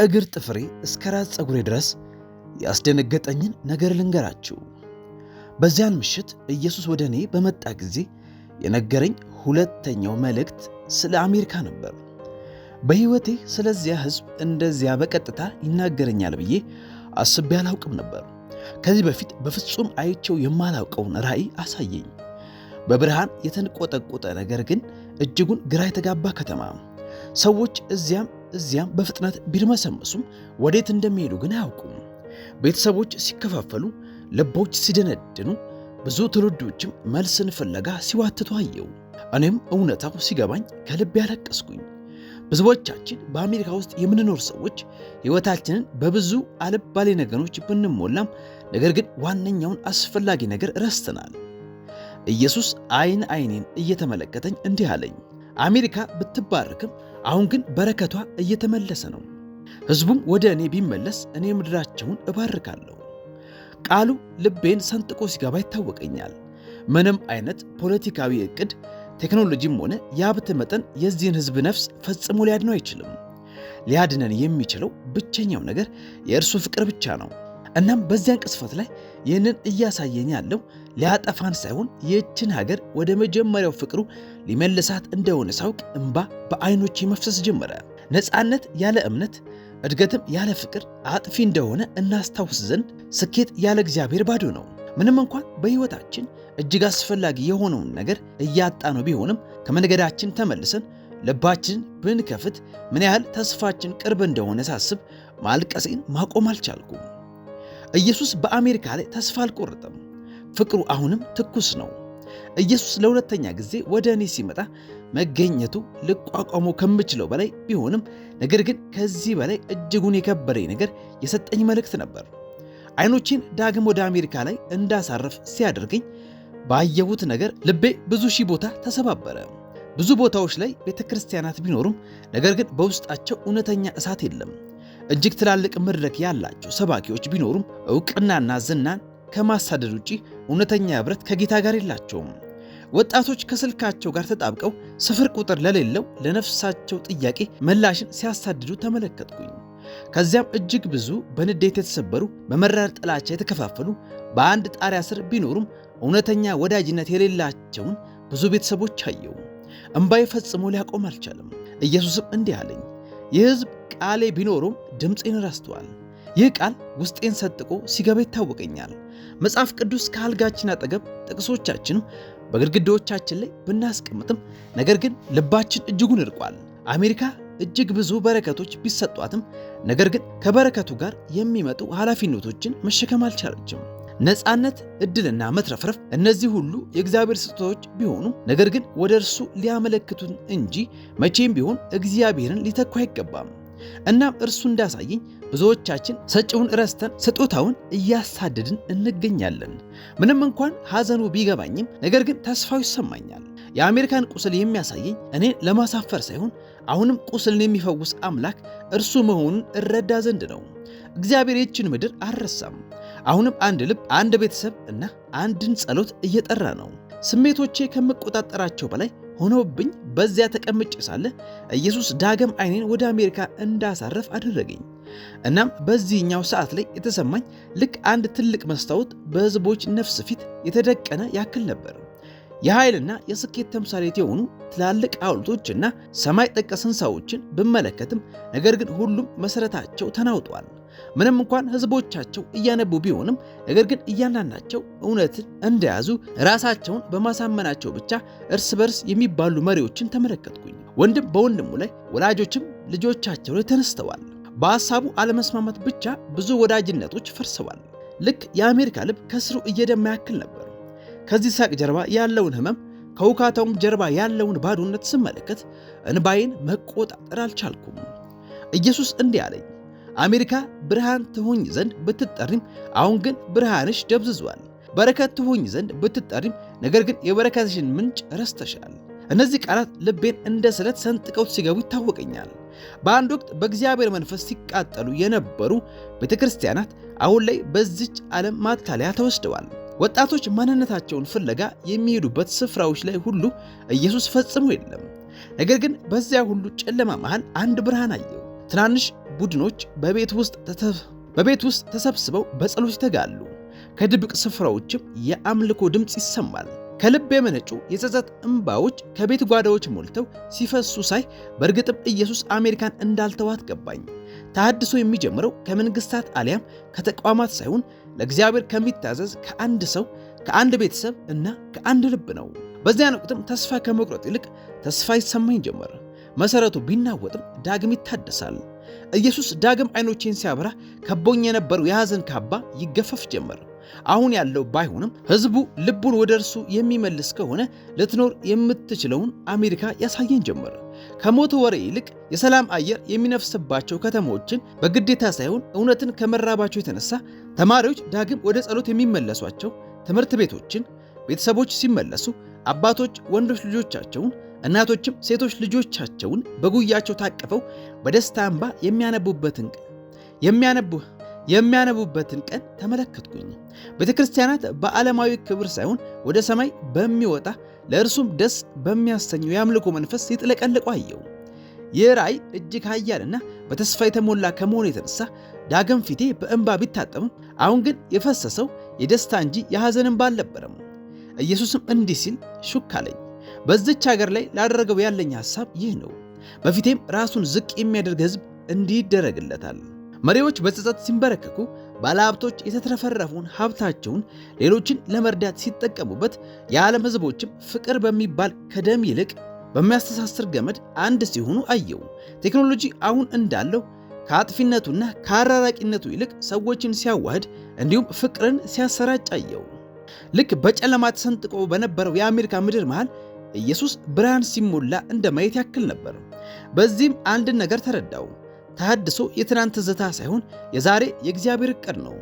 ከእግር ጥፍሬ እስከ ራስ ፀጉሬ ድረስ ያስደነገጠኝን ነገር ልንገራችሁ። በዚያን ምሽት ኢየሱስ ወደ እኔ በመጣ ጊዜ የነገረኝ ሁለተኛው መልእክት ስለ አሜሪካ ነበር። በሕይወቴ ስለዚያ ሕዝብ እንደዚያ በቀጥታ ይናገረኛል ብዬ አስቤ አላውቅም ነበር። ከዚህ በፊት በፍጹም አይቸው የማላውቀውን ራእይ አሳየኝ። በብርሃን የተንቆጠቆጠ ነገር ግን እጅጉን ግራ የተጋባ ከተማ፣ ሰዎች እዚያም እዚያም በፍጥነት ቢርመሰመሱም ወዴት እንደሚሄዱ ግን አያውቁም። ቤተሰቦች ሲከፋፈሉ፣ ልቦች ሲደነድኑ፣ ብዙ ትውልዶችም መልስን ፍለጋ ሲዋትቱ አየው። እኔም እውነታው ሲገባኝ ከልብ ያለቀስኩኝ። ብዙዎቻችን በአሜሪካ ውስጥ የምንኖር ሰዎች ሕይወታችንን በብዙ አልባሌ ነገሮች ብንሞላም ነገር ግን ዋነኛውን አስፈላጊ ነገር ረስተናል። ኢየሱስ ዓይን ዓይኔን እየተመለከተኝ እንዲህ አለኝ፣ አሜሪካ ብትባረክም አሁን ግን በረከቷ እየተመለሰ ነው። ሕዝቡም ወደ እኔ ቢመለስ እኔ ምድራቸውን እባርካለሁ። ቃሉ ልቤን ሰንጥቆ ሲገባ ይታወቀኛል። ምንም አይነት ፖለቲካዊ ዕቅድ፣ ቴክኖሎጂም ሆነ የሀብት መጠን የዚህን ሕዝብ ነፍስ ፈጽሞ ሊያድነው አይችልም። ሊያድነን የሚችለው ብቸኛው ነገር የእርሱ ፍቅር ብቻ ነው። እናም በዚያን ቅስፈት ላይ ይህንን እያሳየኝ ያለው ሊያጠፋን ሳይሆን ይህችን ሀገር ወደ መጀመሪያው ፍቅሩ ሊመልሳት እንደሆነ ሳውቅ እምባ በአይኖች መፍሰስ ጀመረ። ነፃነት ያለ እምነት፣ እድገትም ያለ ፍቅር አጥፊ እንደሆነ እናስታውስ ዘንድ ስኬት ያለ እግዚአብሔር ባዶ ነው። ምንም እንኳን በሕይወታችን እጅግ አስፈላጊ የሆነውን ነገር እያጣ ነው ቢሆንም ከመንገዳችን ተመልሰን ልባችንን ብንከፍት ምን ያህል ተስፋችን ቅርብ እንደሆነ ሳስብ ማልቀሴን ማቆም አልቻልኩም። ኢየሱስ በአሜሪካ ላይ ተስፋ አልቆረጠም። ፍቅሩ አሁንም ትኩስ ነው። ኢየሱስ ለሁለተኛ ጊዜ ወደ እኔ ሲመጣ መገኘቱ ልቋቋመው ከምችለው በላይ ቢሆንም ነገር ግን ከዚህ በላይ እጅጉን የከበረኝ ነገር የሰጠኝ መልእክት ነበር። አይኖቼን ዳግም ወደ አሜሪካ ላይ እንዳሳረፍ ሲያደርገኝ ባየሁት ነገር ልቤ ብዙ ሺህ ቦታ ተሰባበረ። ብዙ ቦታዎች ላይ ቤተ ክርስቲያናት ቢኖሩም ነገር ግን በውስጣቸው እውነተኛ እሳት የለም። እጅግ ትላልቅ መድረክ ያላቸው ሰባኪዎች ቢኖሩም እውቅናና ዝናን ከማሳደድ ውጪ እውነተኛ ህብረት ከጌታ ጋር የላቸውም። ወጣቶች ከስልካቸው ጋር ተጣብቀው ስፍር ቁጥር ለሌለው ለነፍሳቸው ጥያቄ ምላሽን ሲያሳድዱ ተመለከትኩኝ። ከዚያም እጅግ ብዙ በንዴት የተሰበሩ በመራር ጥላቻ የተከፋፈሉ በአንድ ጣሪያ ስር ቢኖሩም እውነተኛ ወዳጅነት የሌላቸውን ብዙ ቤተሰቦች አየው። እምባዬ ፈጽሞ ሊያቆም አልቻለም። ኢየሱስም እንዲህ አለኝ፣ ይህ ሕዝብ ቃሌ ቢኖሩም ድምፄን ረስተዋል። ይህ ቃል ውስጤን ሰጥቆ ሲገባ ይታወቀኛል። መጽሐፍ ቅዱስ ከአልጋችን አጠገብ ጥቅሶቻችንም በግድግዳዎቻችን ላይ ብናስቀምጥም ነገር ግን ልባችን እጅጉን እርቋል። አሜሪካ እጅግ ብዙ በረከቶች ቢሰጧትም ነገር ግን ከበረከቱ ጋር የሚመጡ ኃላፊነቶችን መሸከም አልቻለችም። ነፃነት፣ እድልና መትረፍረፍ እነዚህ ሁሉ የእግዚአብሔር ስጦታዎች ቢሆኑም ነገር ግን ወደ እርሱ ሊያመለክቱን እንጂ መቼም ቢሆን እግዚአብሔርን ሊተኩ አይገባም። እናም እርሱ እንዳሳየኝ ብዙዎቻችን ሰጪውን ረስተን ስጦታውን እያሳደድን እንገኛለን። ምንም እንኳን ሐዘኑ ቢገባኝም፣ ነገር ግን ተስፋው ይሰማኛል። የአሜሪካን ቁስል የሚያሳየኝ እኔን ለማሳፈር ሳይሆን አሁንም ቁስልን የሚፈውስ አምላክ እርሱ መሆኑን እረዳ ዘንድ ነው። እግዚአብሔር ይችን ምድር አልረሳም። አሁንም አንድ ልብ፣ አንድ ቤተሰብ እና አንድን ጸሎት እየጠራ ነው። ስሜቶቼ ከምቆጣጠራቸው በላይ ሆነውብኝ በዚያ ተቀምጬ ሳለ ኢየሱስ ዳግም ዓይኔን ወደ አሜሪካ እንዳሳረፍ አደረገኝ። እናም በዚህኛው ሰዓት ላይ የተሰማኝ ልክ አንድ ትልቅ መስታወት በህዝቦች ነፍስ ፊት የተደቀነ ያክል ነበር። የኃይልና የስኬት ተምሳሌት የሆኑ ትላልቅ እና ሰማይ ጠቀስ ሕንፃዎችን ብመለከትም ነገር ግን ሁሉም መሠረታቸው ተናውጧል። ምንም እንኳን ህዝቦቻቸው እያነቡ ቢሆንም ነገር ግን እያንዳንዳቸው እውነትን እንደያዙ ራሳቸውን በማሳመናቸው ብቻ እርስ በርስ የሚባሉ መሪዎችን ተመለከትኩኝ። ወንድም በወንድሙ ላይ፣ ወላጆችም ልጆቻቸው ላይ ተነስተዋል። በሀሳቡ አለመስማማት ብቻ ብዙ ወዳጅነቶች ፈርሰዋል። ልክ የአሜሪካ ልብ ከስሩ እየደማ ያክል ነበር። ከዚህ ሳቅ ጀርባ ያለውን ህመም፣ ከውካታውም ጀርባ ያለውን ባዶነት ስመለከት እንባዬን መቆጣጠር አልቻልኩም። ኢየሱስ እንዲህ አለኝ፣ አሜሪካ ብርሃን ትሆኝ ዘንድ ብትጠሪም፣ አሁን ግን ብርሃንሽ ደብዝዟል። በረከት ትሆኝ ዘንድ ብትጠሪም፣ ነገር ግን የበረከትሽን ምንጭ ረስተሻል። እነዚህ ቃላት ልቤን እንደ ስለት ሰንጥቀውት ሲገቡ ይታወቀኛል። በአንድ ወቅት በእግዚአብሔር መንፈስ ሲቃጠሉ የነበሩ ቤተ ክርስቲያናት አሁን ላይ በዚች ዓለም ማታለያ ተወስደዋል። ወጣቶች ማንነታቸውን ፍለጋ የሚሄዱበት ስፍራዎች ላይ ሁሉ ኢየሱስ ፈጽሞ የለም። ነገር ግን በዚያ ሁሉ ጨለማ መሃል አንድ ብርሃን አየው። ትናንሽ ቡድኖች በቤት ውስጥ ተሰብስበው በጸሎት ይተጋሉ። ከድብቅ ስፍራዎችም የአምልኮ ድምፅ ይሰማል። ከልብ የመነጩ የጸጸት እንባዎች ከቤት ጓዳዎች ሞልተው ሲፈሱ ሳይ በእርግጥም ኢየሱስ አሜሪካን እንዳልተዋት ገባኝ። ተሐድሶ የሚጀምረው ከመንግስታት አሊያም ከተቋማት ሳይሆን ለእግዚአብሔር ከሚታዘዝ ከአንድ ሰው፣ ከአንድ ቤተሰብ እና ከአንድ ልብ ነው። በዚያን ወቅትም ተስፋ ከመቁረጥ ይልቅ ተስፋ ይሰማኝ ጀመረ። መሰረቱ ቢናወጥም ዳግም ይታደሳል። ኢየሱስ ዳግም አይኖቼን ሲያበራ ከቦኝ የነበረው የሐዘን ካባ ይገፈፍ ጀመር። አሁን ያለው ባይሆንም ህዝቡ ልቡን ወደ እርሱ የሚመልስ ከሆነ ልትኖር የምትችለውን አሜሪካ ያሳየን ጀመረ። ከሞት ወሬ ይልቅ የሰላም አየር የሚነፍስባቸው ከተሞችን በግዴታ ሳይሆን እውነትን ከመራባቸው የተነሳ ተማሪዎች ዳግም ወደ ጸሎት የሚመለሷቸው ትምህርት ቤቶችን፣ ቤተሰቦች ሲመለሱ አባቶች ወንዶች ልጆቻቸውን እናቶችም ሴቶች ልጆቻቸውን በጉያቸው ታቅፈው በደስታ እንባ የሚያነቡበትን የሚያነቡህ የሚያነቡበትን ቀን ተመለከትኩኝ። ቤተ ክርስቲያናት በዓለማዊ ክብር ሳይሆን ወደ ሰማይ በሚወጣ ለእርሱም ደስ በሚያሰኘው የአምልኮ መንፈስ ሲጥለቀለቁ አየው። ይህ ራእይ እጅግ ኃያልና በተስፋ የተሞላ ከመሆኑ የተነሳ ዳግም ፊቴ በእንባ ቢታጠብም አሁን ግን የፈሰሰው የደስታ እንጂ የሐዘን እንባ አልነበረም። ኢየሱስም እንዲህ ሲል ሹክ አለኝ። በዚች ሀገር ላይ ላደረገው ያለኝ ሐሳብ ይህ ነው። በፊቴም ራሱን ዝቅ የሚያደርግ ሕዝብ እንዲህ ይደረግለታል። መሪዎች በጸጸት ሲንበረከኩ፣ ባለሀብቶች የተትረፈረፈውን ሀብታቸውን ሌሎችን ለመርዳት ሲጠቀሙበት፣ የዓለም ሕዝቦችም ፍቅር በሚባል ከደም ይልቅ በሚያስተሳስር ገመድ አንድ ሲሆኑ አየው። ቴክኖሎጂ አሁን እንዳለው ከአጥፊነቱና ከአራራቂነቱ ይልቅ ሰዎችን ሲያዋህድ እንዲሁም ፍቅርን ሲያሰራጭ አየው። ልክ በጨለማ ተሰንጥቆ በነበረው የአሜሪካ ምድር መሃል ኢየሱስ ብርሃን ሲሞላ እንደ ማየት ያክል ነበር። በዚህም አንድን ነገር ተረዳው። ተሐድሶ የትናንት ዝታ ሳይሆን የዛሬ የእግዚአብሔር እቅድ ነው።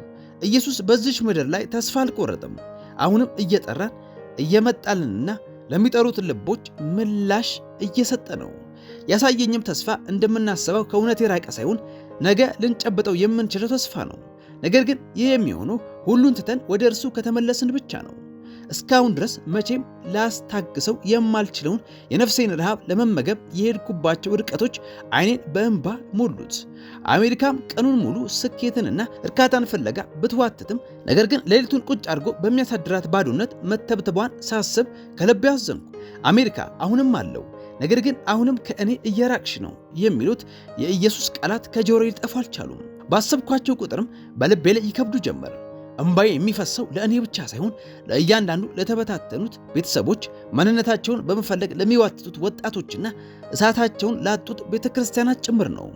ኢየሱስ በዚች ምድር ላይ ተስፋ አልቆረጠም። አሁንም እየጠራን እየመጣልንና ለሚጠሩት ልቦች ምላሽ እየሰጠ ነው። ያሳየኝም ተስፋ እንደምናስበው ከእውነት የራቀ ሳይሆን ነገ ልንጨብጠው የምንችለው ተስፋ ነው። ነገር ግን ይህ የሚሆነው ሁሉን ትተን ወደ እርሱ ከተመለስን ብቻ ነው። እስካሁን ድረስ መቼም ላስታግሰው የማልችለውን የነፍሴን ረሃብ ለመመገብ የሄድኩባቸው ርቀቶች ዓይኔን በእንባ ሞሉት። አሜሪካም ቀኑን ሙሉ ስኬትንና እርካታን ፍለጋ ብትዋትትም፣ ነገር ግን ሌሊቱን ቁጭ አድርጎ በሚያሳድራት ባዶነት መተብተቧን ሳስብ ከልብ ያዘንኩ። አሜሪካ አሁንም አለው ነገር ግን አሁንም ከእኔ እየራቅሽ ነው የሚሉት የኢየሱስ ቃላት ከጆሮ ሊጠፉ አልቻሉም። ባሰብኳቸው ቁጥርም በልቤ ላይ ይከብዱ ጀመር። እምባዬ የሚፈሰው ለእኔ ብቻ ሳይሆን ለእያንዳንዱ ለተበታተኑት ቤተሰቦች፣ ማንነታቸውን በመፈለግ ለሚዋትቱት ወጣቶችና እሳታቸውን ላጡት ቤተ ክርስቲያናት ጭምር ነው።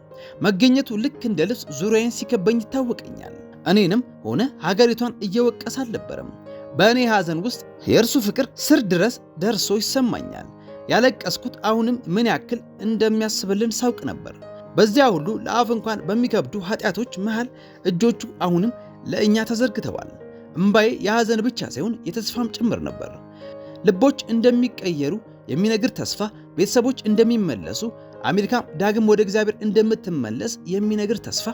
መገኘቱ ልክ እንደ ልብስ ዙሪያዬን ሲከበኝ ይታወቀኛል። እኔንም ሆነ ሀገሪቷን እየወቀሰ አልነበረም። በእኔ ሐዘን ውስጥ የእርሱ ፍቅር ስር ድረስ ደርሶ ይሰማኛል። ያለቀስኩት አሁንም ምን ያክል እንደሚያስብልን ሳውቅ ነበር። በዚያ ሁሉ ለአፍ እንኳን በሚከብዱ ኃጢአቶች መሃል እጆቹ አሁንም ለእኛ ተዘርግተዋል። እምባዬ የሐዘን ብቻ ሳይሆን የተስፋም ጭምር ነበር። ልቦች እንደሚቀየሩ የሚነግር ተስፋ፣ ቤተሰቦች እንደሚመለሱ፣ አሜሪካም ዳግም ወደ እግዚአብሔር እንደምትመለስ የሚነግር ተስፋ፣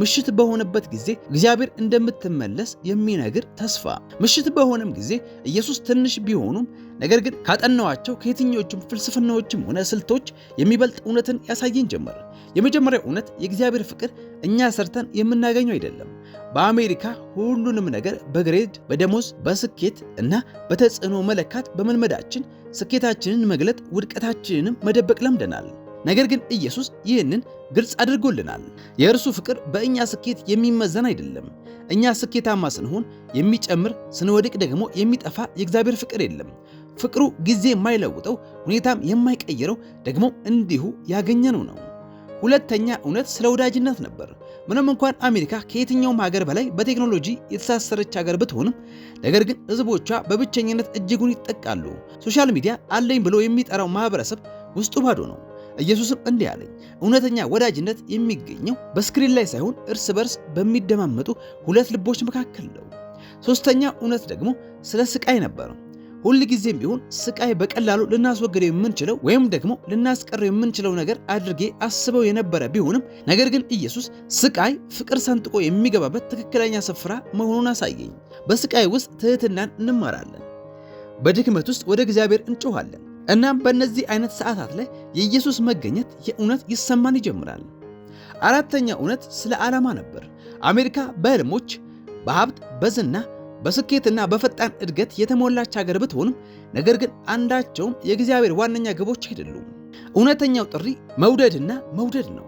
ምሽት በሆነበት ጊዜ እግዚአብሔር እንደምትመለስ የሚነግር ተስፋ። ምሽት በሆነም ጊዜ ኢየሱስ ትንሽ ቢሆኑም ነገር ግን ካጠናዋቸው ከየትኞቹም ፍልስፍናዎችም ሆነ ስልቶች የሚበልጥ እውነትን ያሳየን ጀመር። የመጀመሪያው እውነት የእግዚአብሔር ፍቅር እኛ ሰርተን የምናገኘው አይደለም በአሜሪካ ሁሉንም ነገር በግሬድ፣ በደሞዝ፣ በስኬት እና በተጽዕኖ መለካት በመልመዳችን ስኬታችንን መግለጥ ውድቀታችንንም መደበቅ ለምደናል። ነገር ግን ኢየሱስ ይህንን ግልጽ አድርጎልናል። የእርሱ ፍቅር በእኛ ስኬት የሚመዘን አይደለም። እኛ ስኬታማ ስንሆን የሚጨምር ስንወድቅ ደግሞ የሚጠፋ የእግዚአብሔር ፍቅር የለም። ፍቅሩ ጊዜ የማይለውጠው ሁኔታም የማይቀይረው ደግሞ እንዲሁ ያገኘነው ነው። ሁለተኛ እውነት ስለ ወዳጅነት ነበር። ምንም እንኳን አሜሪካ ከየትኛውም ሀገር በላይ በቴክኖሎጂ የተሳሰረች ሀገር ብትሆንም ነገር ግን ህዝቦቿ በብቸኝነት እጅጉን ይጠቃሉ። ሶሻል ሚዲያ አለኝ ብሎ የሚጠራው ማህበረሰብ ውስጡ ባዶ ነው። ኢየሱስም እንዲህ አለኝ፣ እውነተኛ ወዳጅነት የሚገኘው በስክሪን ላይ ሳይሆን እርስ በርስ በሚደማመጡ ሁለት ልቦች መካከል ነው። ሶስተኛ እውነት ደግሞ ስለ ስቃይ ነበረው። ጊዜም ቢሆን ስቃይ በቀላሉ ልናስወግደው የምንችለው ወይም ደግሞ ልናስቀረው የምንችለው ነገር አድርጌ አስበው የነበረ ቢሆንም ነገር ግን ኢየሱስ ስቃይ ፍቅር ሰንጥቆ የሚገባበት ትክክለኛ ስፍራ መሆኑን አሳየኝ። በስቃይ ውስጥ ትህትናን እንማራለን። በድክመት ውስጥ ወደ እግዚአብሔር እንጮኻለን። እናም በእነዚህ አይነት ሰዓታት ላይ የኢየሱስ መገኘት የእውነት ይሰማን ይጀምራል። አራተኛ እውነት ስለ ዓላማ ነበር። አሜሪካ በህልሞች በሀብት በዝና በስኬትና በፈጣን እድገት የተሞላች ሀገር ብትሆንም ነገር ግን አንዳቸውም የእግዚአብሔር ዋነኛ ግቦች አይደሉም። እውነተኛው ጥሪ መውደድና መውደድ ነው።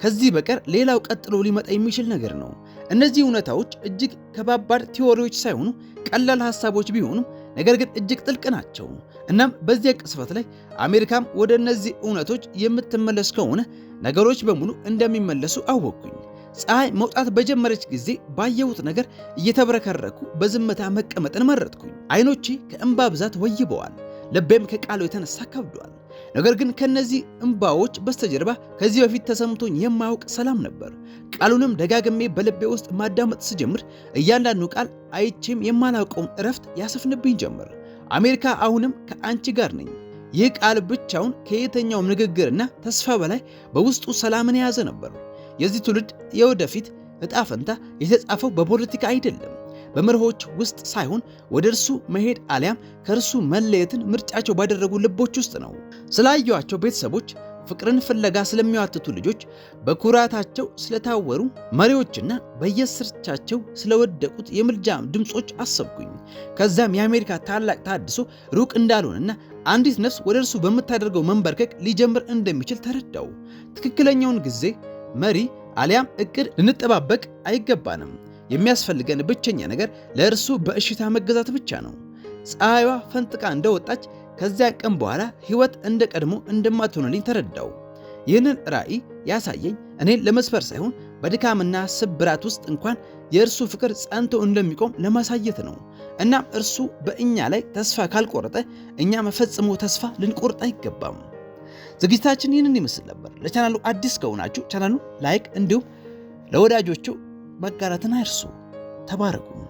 ከዚህ በቀር ሌላው ቀጥሎ ሊመጣ የሚችል ነገር ነው። እነዚህ እውነታዎች እጅግ ከባባድ ቲዎሪዎች ሳይሆኑ ቀላል ሀሳቦች ቢሆኑም ነገር ግን እጅግ ጥልቅ ናቸው። እናም በዚህ ቅስፈት ላይ አሜሪካም ወደ እነዚህ እውነቶች የምትመለስ ከሆነ ነገሮች በሙሉ እንደሚመለሱ አወቅኩኝ። ፀሐይ መውጣት በጀመረች ጊዜ ባየሁት ነገር እየተብረከረኩ በዝምታ መቀመጥን መረጥኩኝ። አይኖቼ ከእንባ ብዛት ወይበዋል፣ ልቤም ከቃሉ የተነሳ ከብዷል። ነገር ግን ከእነዚህ እንባዎች በስተጀርባ ከዚህ በፊት ተሰምቶኝ የማያውቅ ሰላም ነበር። ቃሉንም ደጋግሜ በልቤ ውስጥ ማዳመጥ ስጀምር እያንዳንዱ ቃል አይቼም የማላውቀውን እረፍት ያሰፍንብኝ ጀምር አሜሪካ አሁንም ከአንቺ ጋር ነኝ። ይህ ቃል ብቻውን ከየተኛውም ንግግርና ተስፋ በላይ በውስጡ ሰላምን የያዘ ነበር። የዚህ ትውልድ የወደፊት እጣ ፈንታ የተጻፈው በፖለቲካ አይደለም፣ በመርሆች ውስጥ ሳይሆን ወደ እርሱ መሄድ አሊያም ከእርሱ መለየትን ምርጫቸው ባደረጉ ልቦች ውስጥ ነው። ስላየቸው ቤተሰቦች፣ ፍቅርን ፍለጋ ስለሚዋትቱ ልጆች፣ በኩራታቸው ስለታወሩ መሪዎችና በየስርቻቸው ስለወደቁት የምልጃ ድምፆች አሰብኩኝ። ከዚያም የአሜሪካ ታላቅ ታድሶ ሩቅ እንዳልሆነና አንዲት ነፍስ ወደ እርሱ በምታደርገው መንበርከቅ ሊጀምር እንደሚችል ተረዳው። ትክክለኛውን ጊዜ መሪ አሊያም እቅድ ልንጠባበቅ አይገባንም። የሚያስፈልገን ብቸኛ ነገር ለእርሱ በእሽታ መገዛት ብቻ ነው። ፀሐይዋ ፈንጥቃ እንደወጣች ከዚያ ቀን በኋላ ሕይወት እንደ ቀድሞ እንደማትሆንልኝ ተረዳው። ይህንን ራእይ ያሳየኝ እኔን ለመስፈር ሳይሆን በድካምና ስብራት ውስጥ እንኳን የእርሱ ፍቅር ጸንቶ እንደሚቆም ለማሳየት ነው። እናም እርሱ በእኛ ላይ ተስፋ ካልቆረጠ እኛ መፈጽሞ ተስፋ ልንቆርጥ አይገባም። ዝግጅታችን ይህንን ይመስል ነበር። ለቻናሉ አዲስ ከሆናችሁ ቻናሉ ላይክ፣ እንዲሁም ለወዳጆቹ መጋራትን አይርሱ። ተባረኩ።